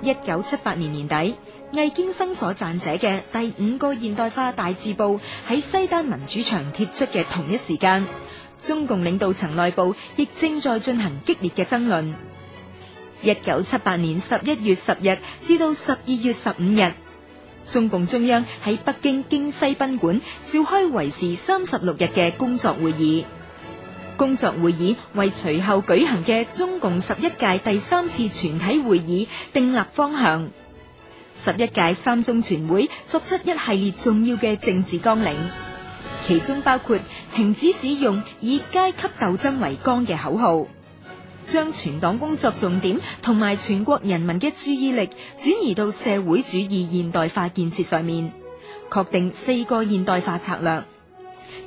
一九七八年年底，魏京生所撰寫嘅第五個現代化大字報喺西單民主牆貼出嘅同一時間，中共領導層內部亦正在進行激烈嘅爭論。一九七八年十一月十日至到十二月十五日，中共中央喺北京京西賓館召開為時三十六日嘅工作會議。工作會議為隨後舉行嘅中共十一屆第三次全體會議訂立方向。十一屆三中全會作出一系列重要嘅政治綱領，其中包括停止使用以階級鬥爭為綱嘅口號，將全黨工作重點同埋全國人民嘅注意力轉移到社會主義現代化建設上面，確定四個現代化策略。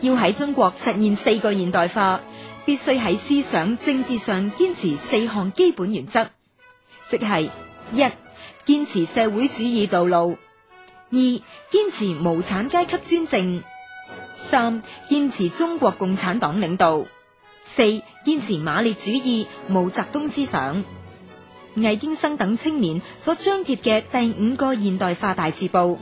要喺中國實現四個現代化，必須喺思想政治上堅持四項基本原則，即係一、堅持社會主義道路；二、堅持無產階級專政；三、堅持中國共產黨領導；四、堅持馬列主義毛澤東思想。魏京生等青年所張貼嘅第五個現代化大字報。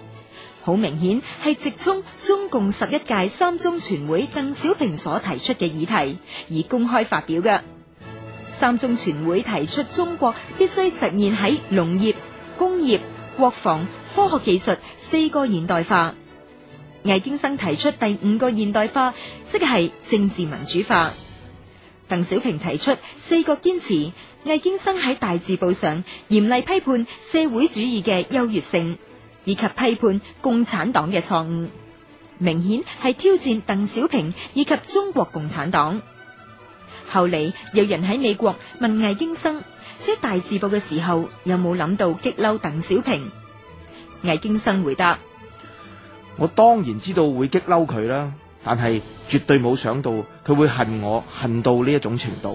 好明顯係直衝中共十一屆三中全會，鄧小平所提出嘅議題而公開發表嘅。三中全會提出中國必須實現喺農業、工業、國防、科學技術四個現代化。魏京生提出第五個現代化，即係政治民主化。鄧小平提出四個堅持，魏京生喺大字報上嚴厲批判社會主義嘅優越性。以及批判共產黨嘅錯誤，明顯係挑戰鄧小平以及中國共產黨。後嚟有人喺美國問魏京生寫大字報嘅時候有冇諗到激嬲鄧小平？魏京生回答：我當然知道會激嬲佢啦，但係絕對冇想到佢會恨我，恨到呢一種程度。